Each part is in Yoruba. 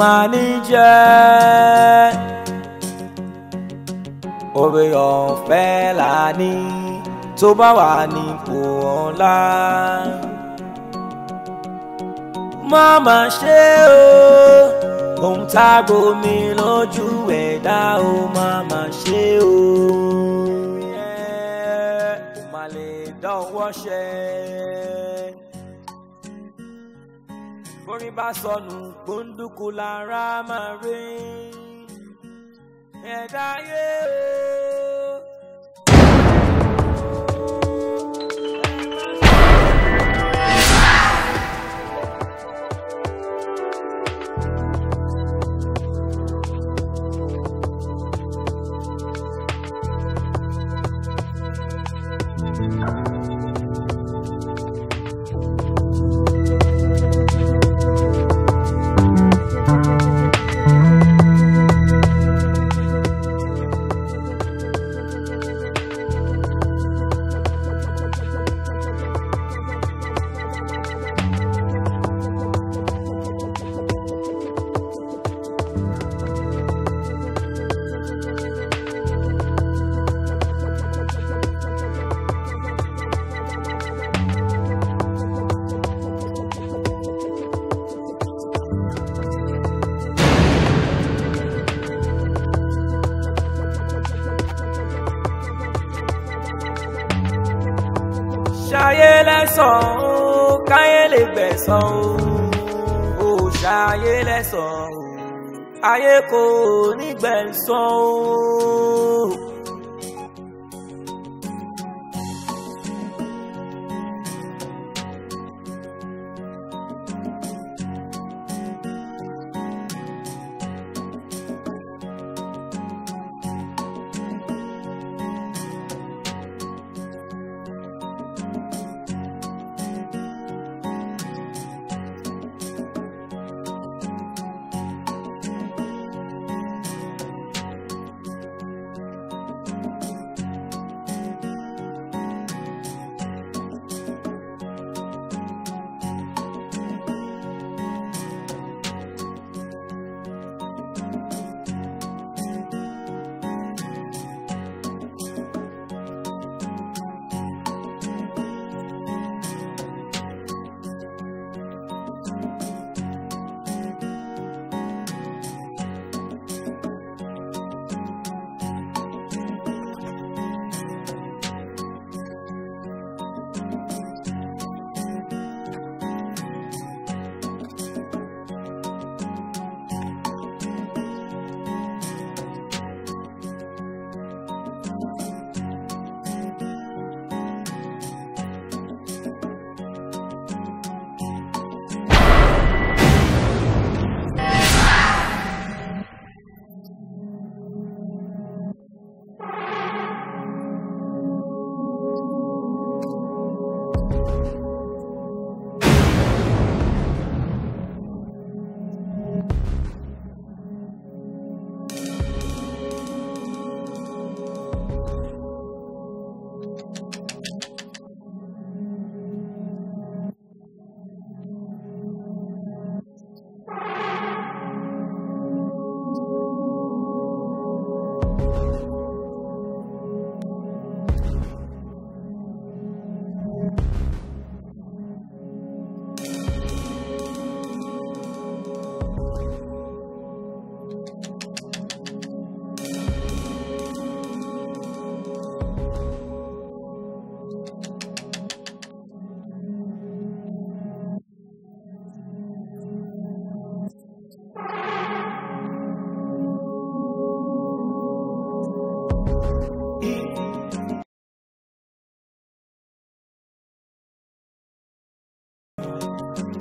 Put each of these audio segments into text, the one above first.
manager oore ọ̀fẹ́ là ní tó bá wà nípò ọlá má má ṣe o ohun tá a gbomi lójú ẹ̀dá o má má ṣe o má lè dánwọ́ ṣe. tọkùnrin bá sọnù gbóńdùkú lára máa rí ẹ̀dá yé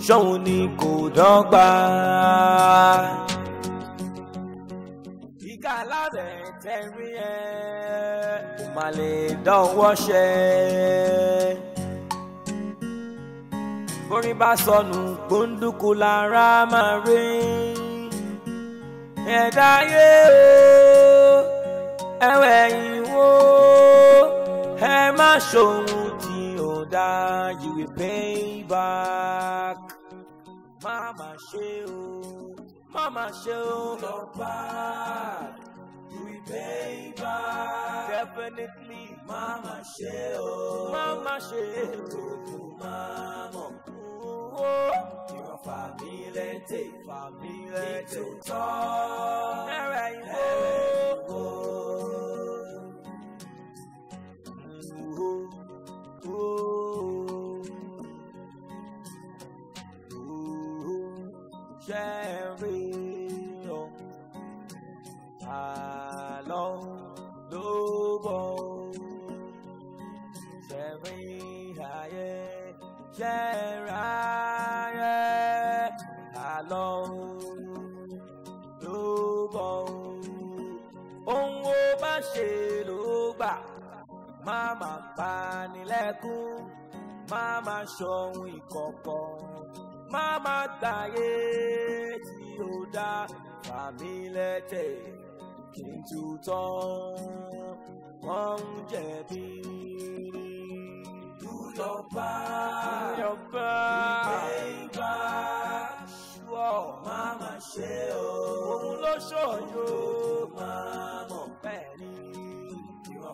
ṣóun ni kò dọ́gba. ìka alárẹ̀ tẹ̀rí ẹ̀ kò má lè dánwọ́ ṣẹ́. borí bá sọnù gbóńdúkú lára máa rí ẹ̀dá yé o ẹ̀wẹ̀ ìwò ẹ má ṣòun tí ò dá you will pay back má má ṣe o má má ṣe o. Lọ bá we pay back. Definitely má má ṣe o má má ṣe o. Ètò máa mọ̀ owó. Ìwọ̀n fàmílẹ̀ tè fàmílẹ̀ tè tọ́. Ẹ̀rẹ̀ ìwó. Ẹ̀rẹ̀ ìwó. Ooh, jẹ́rí o àlọ́ ló bọ̀ jẹ́rí ayé jẹ́rà ayé àlọ́ ló bọ̀ ohun ó bá ṣe ló gbà má má pa nílẹ̀kùn má má ṣọ̀hún ìkọ̀kọ̀. Mama má gbàyè tí ó dá fàmí lẹ́tẹ̀ kí n tutọ́ wọ́n ń jẹ̀bi. Do your bad, do your ṣe o. òun ló ṣọ́ yóò máa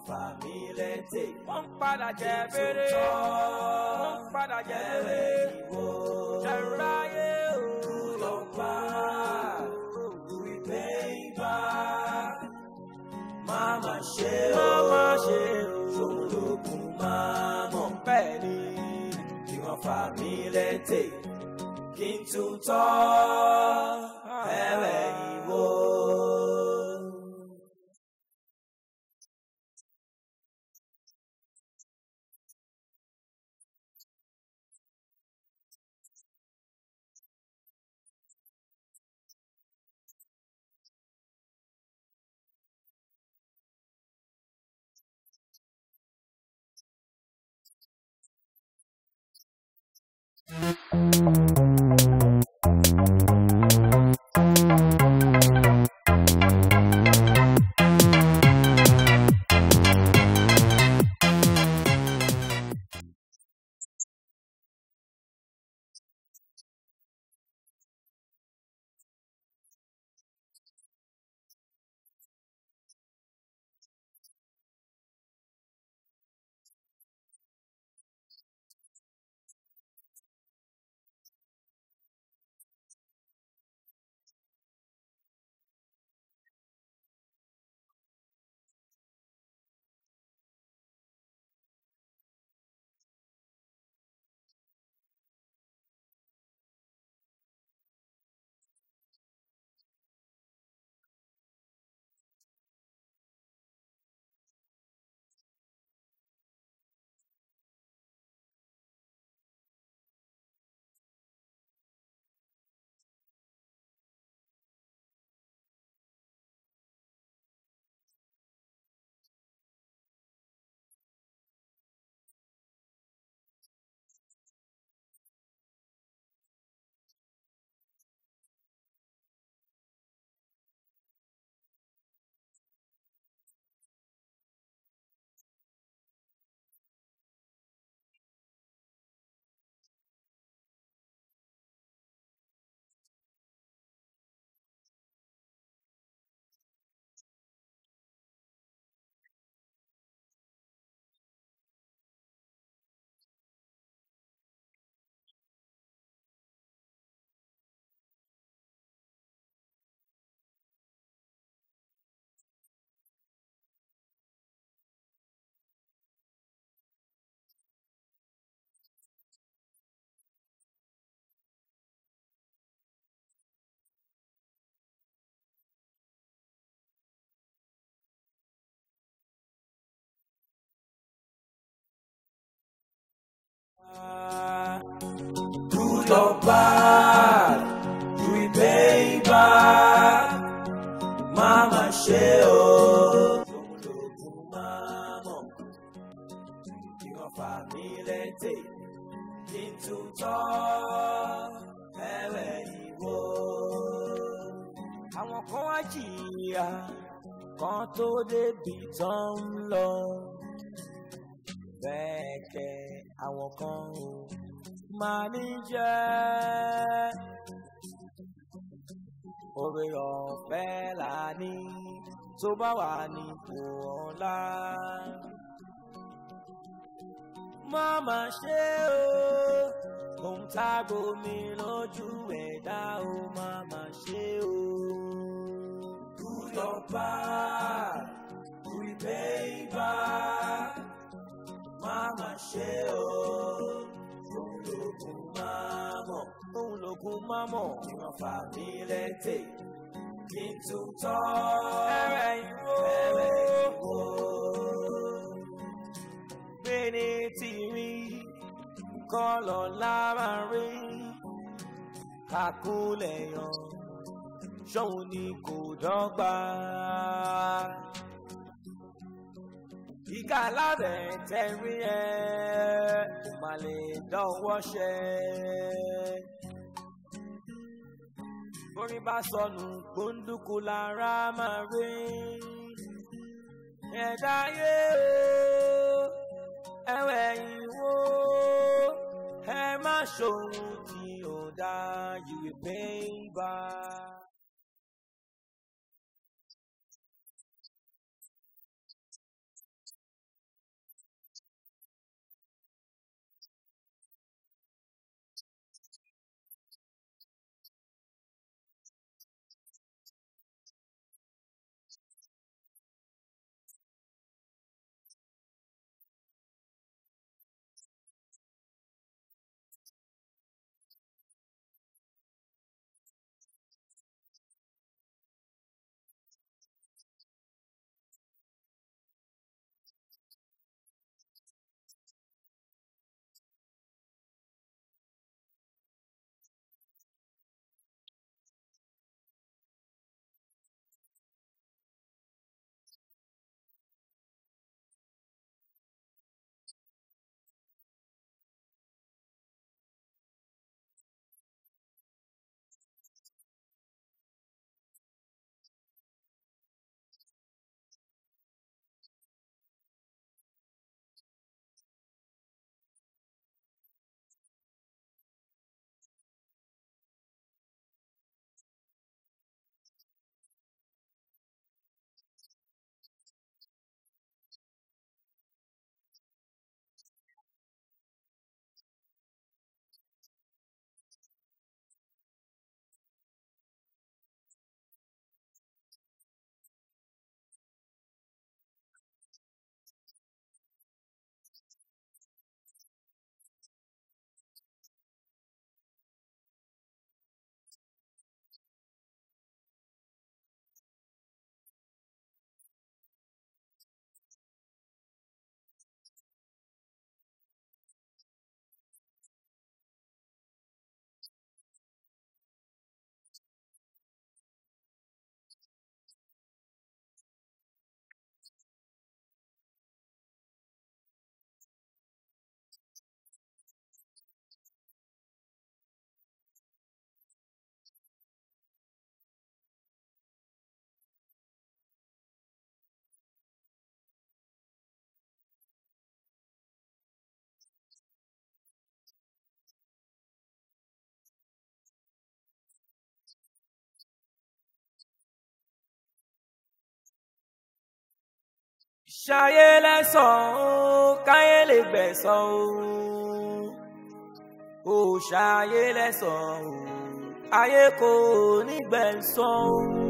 fà mí létè. wọ́n ń padà jẹ bèrè. wọ́n ń padà jẹ bèrè. ìwọ ẹ̀rù ráyè o. do your part do we pay back. máma ṣe o. máma ṣe o. ṣòro lókun máa mọ̀ bẹ́ẹ̀ ni. kí wọ́n fà mí létè kí n tún tọ́. go back, repay back, Mama Sheo. Into talk, ẹ̀rẹ̀ ìwọ. Àwọn kan wá jìyà kan tó débi tán ń lọ. Bẹ́ẹ̀ kẹ́ àwọn kan ń manager. Oore ọ̀fẹ́ là ní tó bá wà nípò ọ̀la. Màmá ṣe o, ohun tá a gbomi lójú ẹ̀dá o, màmá ṣe o. Do your part, repay fà mí lẹ́tẹ̀ kí n tún tọ́ ẹ̀rẹ̀ ìwò. ẹ̀rẹ̀ ìwò. gbé ní tìrí kọ́lọ̀ lára rí kàkúlẹ̀ yàn ṣóun ni kò dọ́gba. Ìkà lábẹ́ tẹ̀rí ẹ̀ kò má lè dánwọ́ ṣe orin bá sọnù gbóńdúkú lára máa rí ẹ̀dá yé o ẹ̀wẹ̀ ìwò ẹ má ṣòwò tí ò dá you will pay back. ṣayé lẹ́sàn-án káyé lè gbẹ̀san o ò ṣayé lẹ́sàn-án ayé kò ní gbẹ̀san o.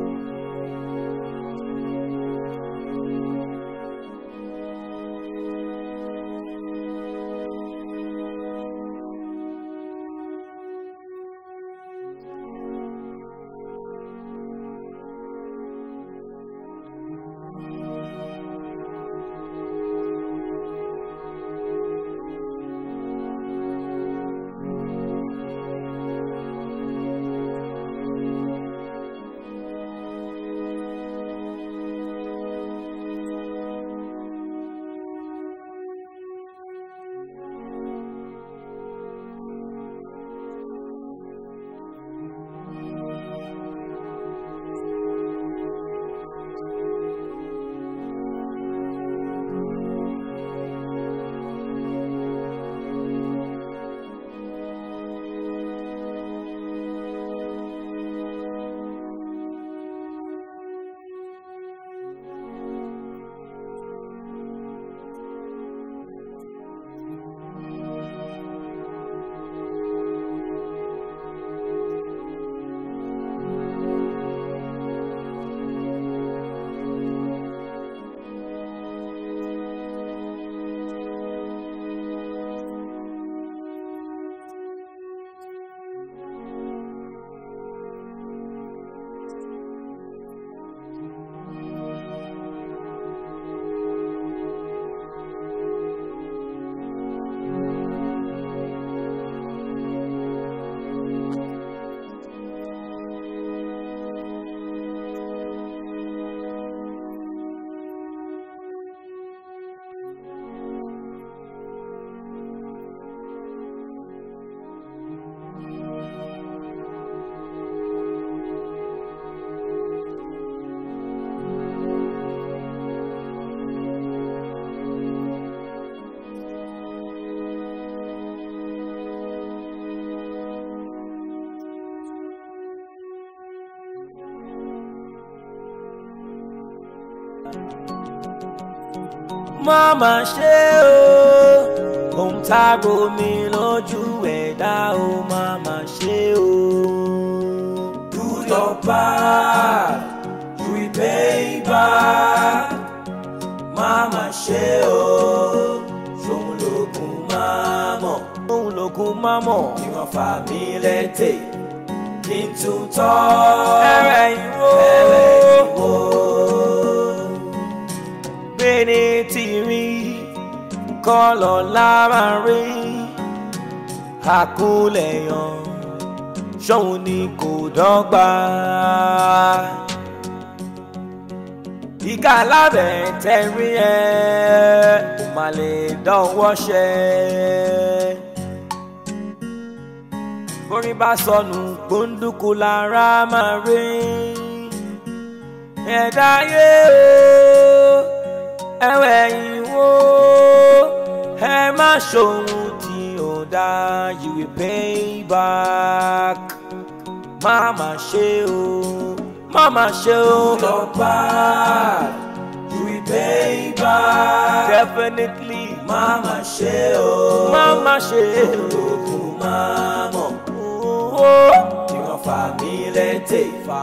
má má ṣe o ohun tá a romi lójú ẹ̀dá o má má ṣe o. do your part repay back má ṣe o ṣòun lògùn má mọ̀. ṣòun lògùn má mọ̀. ìwọ̀n fà mí lẹ́tẹ̀ kí n tún tọ́ ẹ̀rẹ̀ ìwò kọ́ lọ́la máa rí àkúlẹ̀ yàn ṣóun ni kò dọ́gba. ìka lábẹ́ tẹ̀rí ẹ̀ kò má lè dánwọ́ ṣẹ́. borí bá sọnù gbóńdúkú lára máa rí ẹ̀dá yé o ẹ̀wẹ̀ ìwọ́ ẹ má ṣòhun tí ò dá you will pay back má má ṣe o má má ṣe o. lọ bá you will pay back. definitely. má má ṣe o. má má ṣe o. ológun má mọ̀. kí oh. wọ́n fà mí lẹ́tẹ̀. fà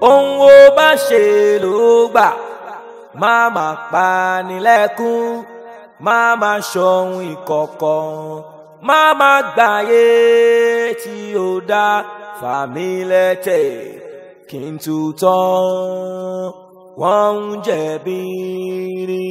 ohun ó bá ṣe ló gbà má má pa nílẹ̀kùn má má ṣọ̀hún ìkọ̀kọ̀ má má gbàyè tí ó dá fàmí lẹ́tẹ̀ kí n tutọ́ wọ́n ń jẹ̀bi rí.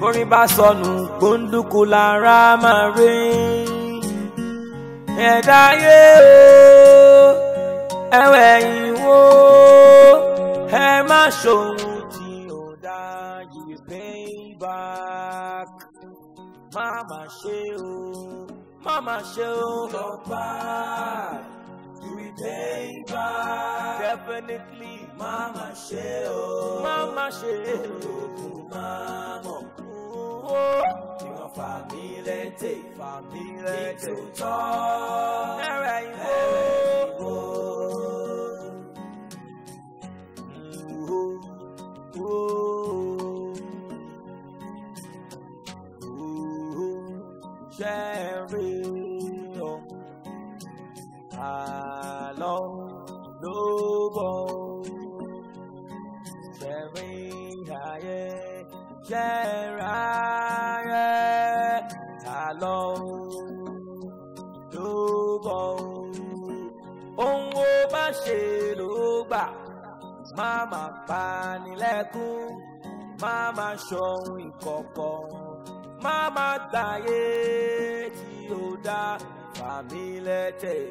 borin bá sọnù gbóńdúkú lára máa rí ẹ̀dá ayé o ẹ̀wẹ̀ ìwò ẹ má ṣòun tí ò dá yìí pay back má má ṣe o má má ṣe o lọ bá you will pay back definitely má má ṣe o má má ṣe o kò má mọ̀. o. ìwọ̀n fàmílẹ́tẹ̀ fàmílẹ́tẹ̀ ìtòtọ́ ẹ̀rẹ̀ ìwò. ìwò ìwò. ṣẹ́ẹ̀rì. ṣohun ìkọ̀kọ̀ má má gbàyè tí ó dá fàmí lẹ́tẹ̀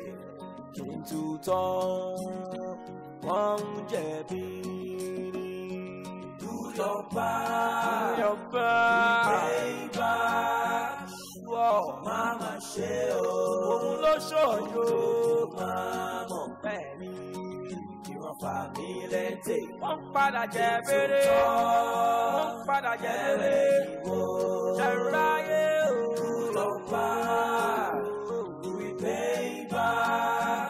kí n tutọ́ wọ́n ń jẹ̀bi rí. Do your part, do your part, pay back. Wọ́n máa ma ṣe o, òun ló ṣòyò máa. tètè. wọ́n padà jẹ bèrè. wọ́n padà jẹ bèrè. ṣẹ̀rọ ayé òkúlọ̀pá. we pay back.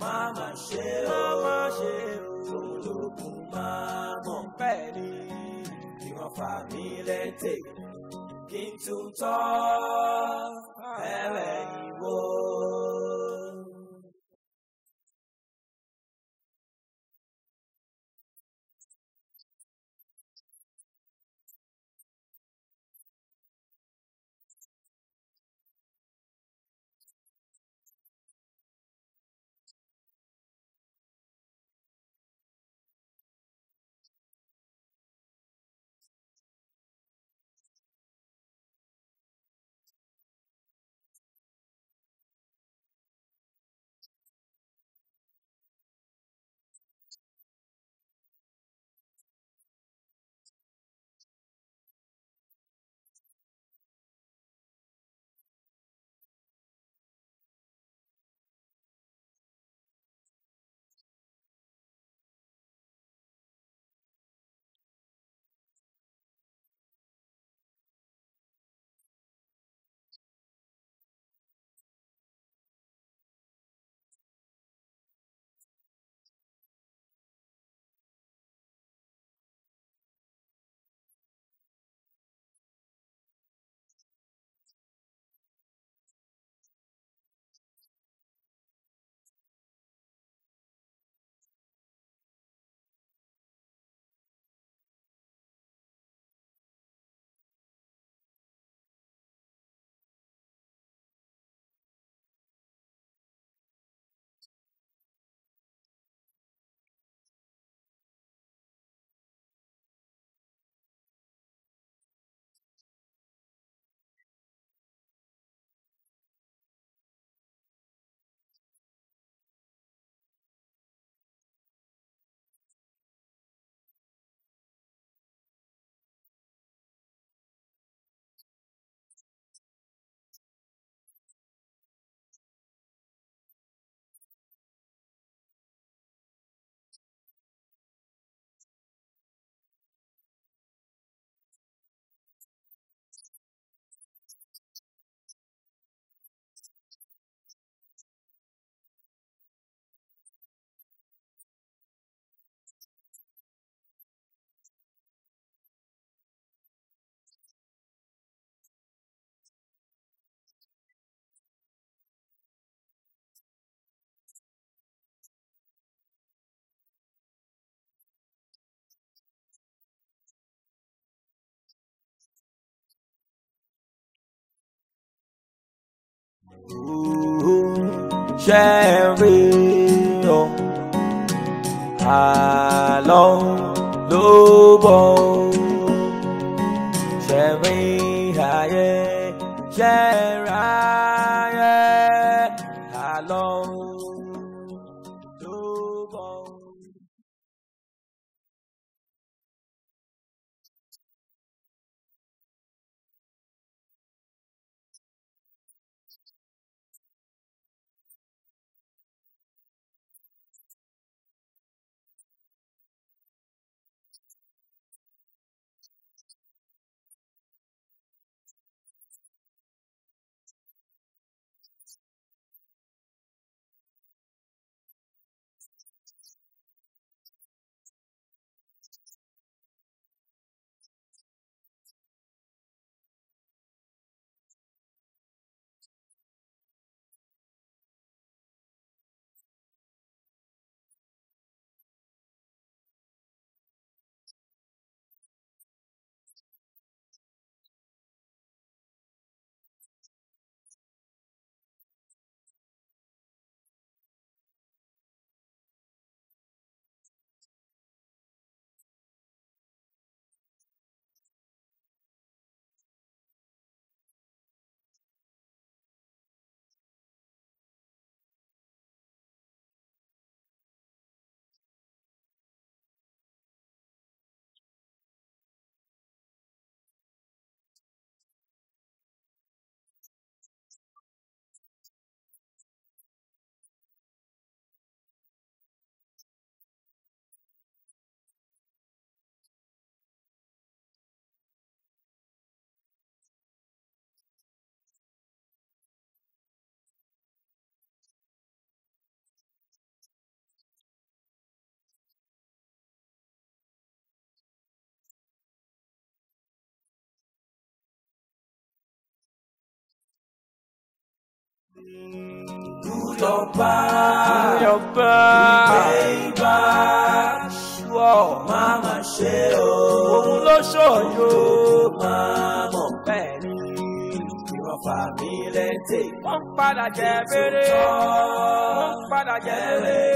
máma ṣe o. máma ṣe o. olókùn máa mọ̀ bẹ́ẹ̀ ni. bí wọ́n fà mí kí n tún tọ́ ah. ẹlẹ́yìn wo. ṣe rí ọ àlọ́ ló bọ̀ ṣe rí ayé ṣe. Do your best. Baby. Mama ṣe o. Òun ló ṣòyò. Máa mọ̀ bẹ́ẹ̀ ni. Ìwọ̀n fàmí lẹ́tẹ̀. Wọ́n padà jẹ́ bèrè. Wọ́n padà jẹ́ bèrè.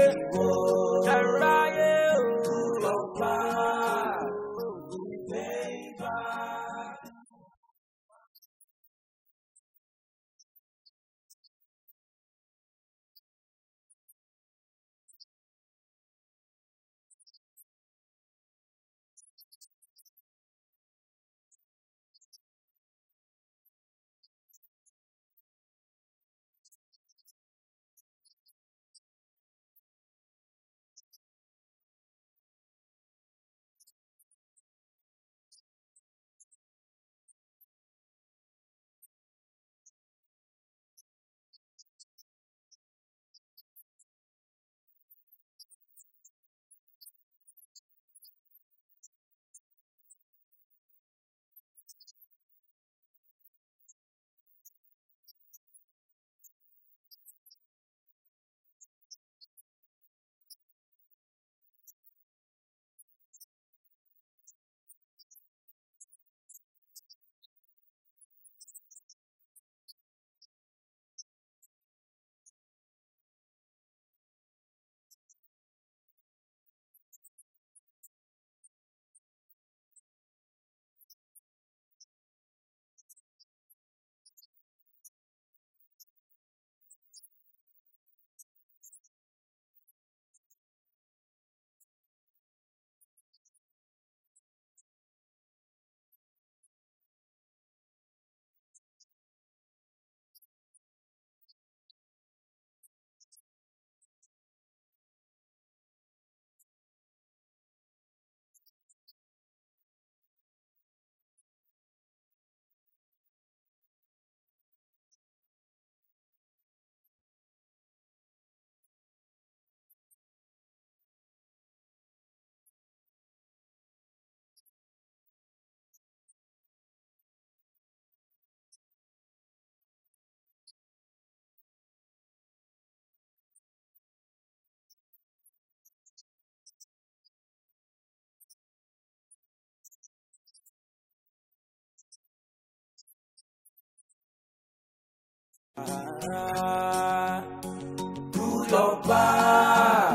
Pulau Bah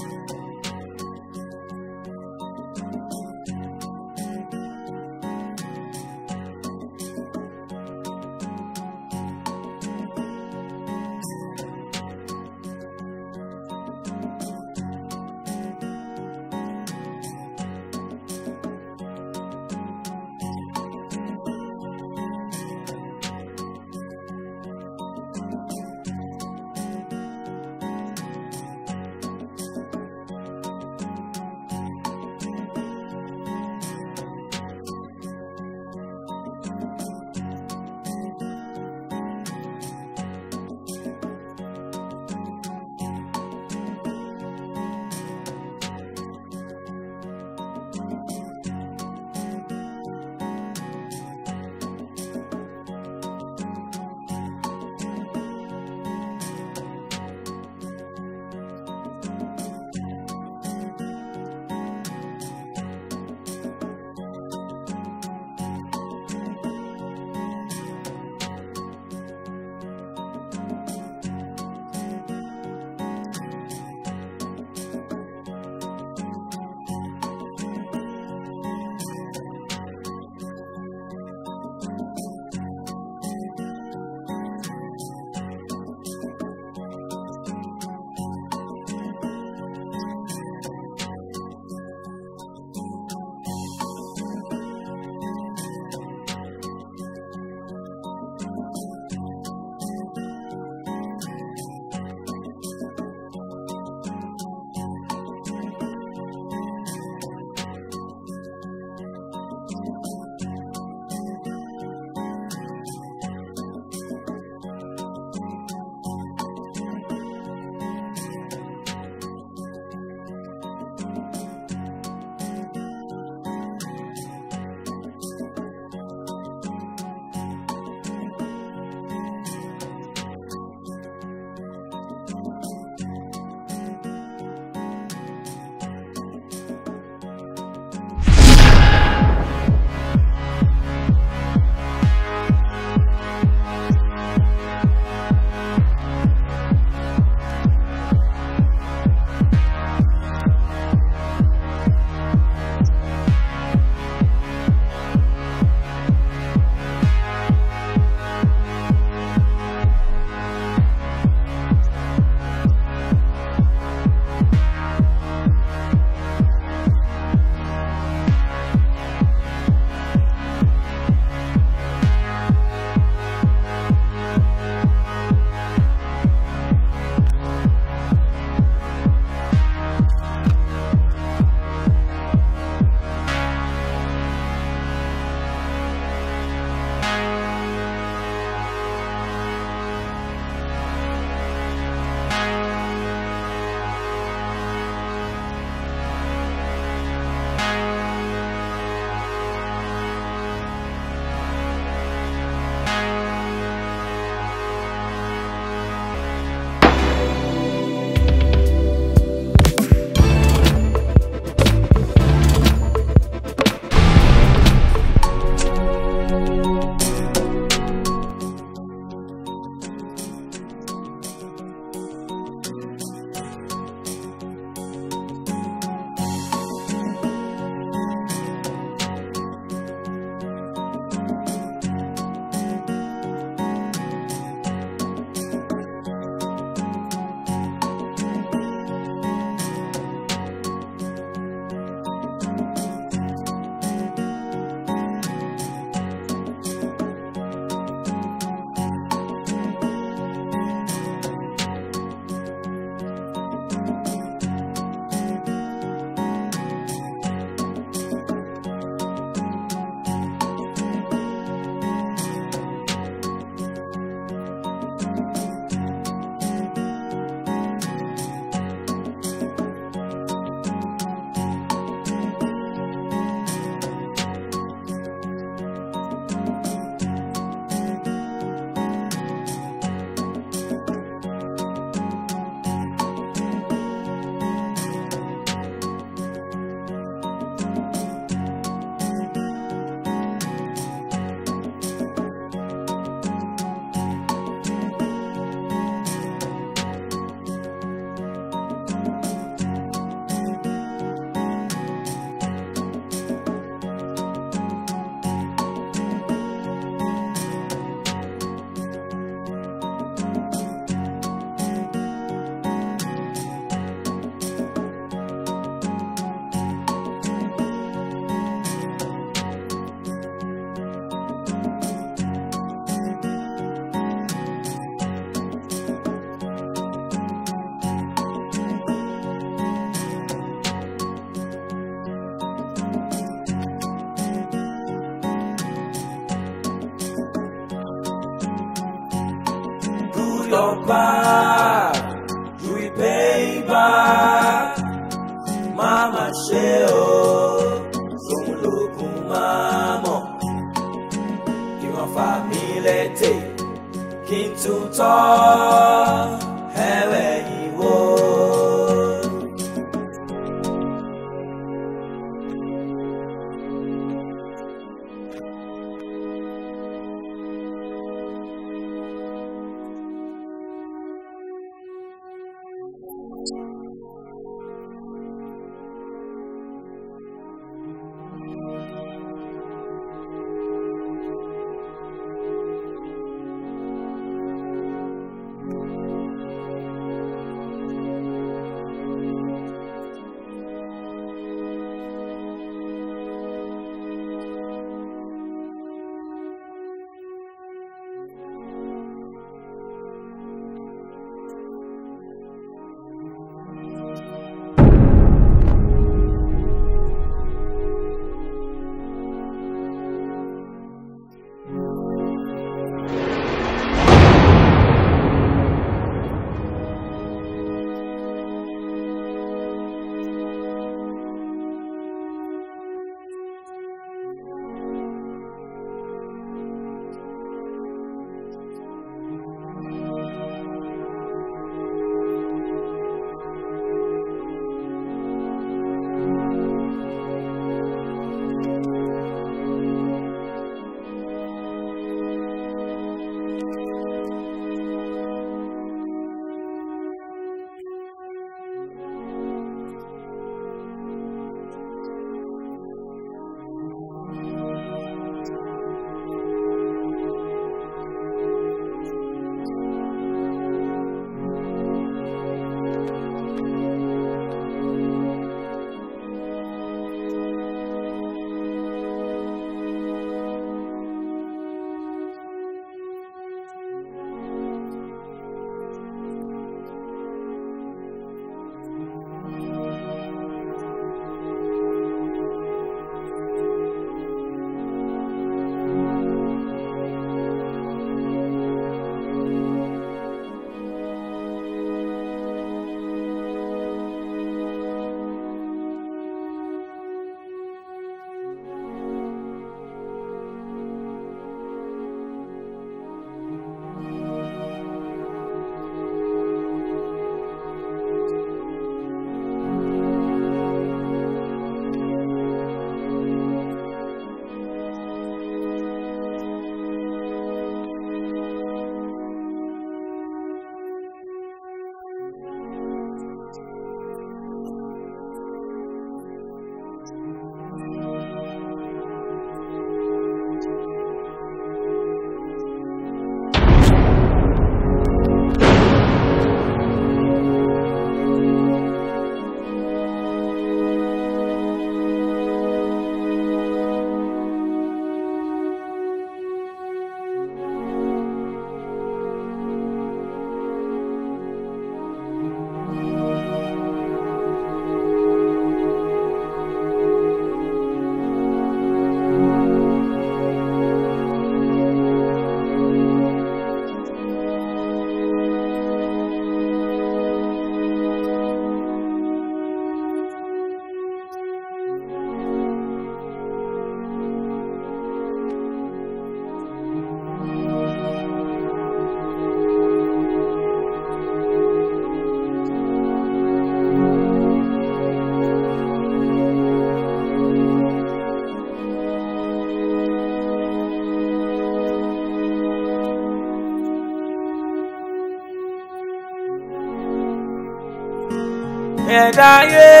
ẹ̀dáyé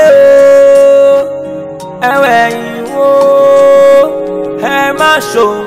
o ẹ̀wẹ̀ ìwò ẹ má ṣòro.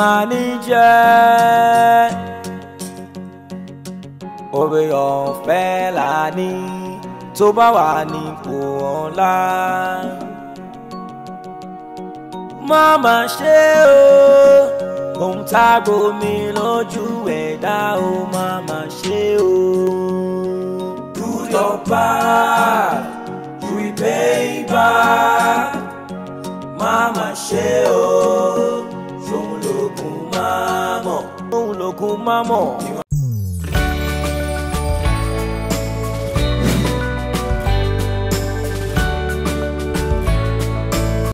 ìbànújẹ́ oore ọ̀fẹ́ là ní tó bá wà nípò ọlá má má ṣe o ohun tá a gbomi lójú ẹ̀dá o má ṣe o. do your part repay back má má ṣe o lóògùn máa mọ̀. òun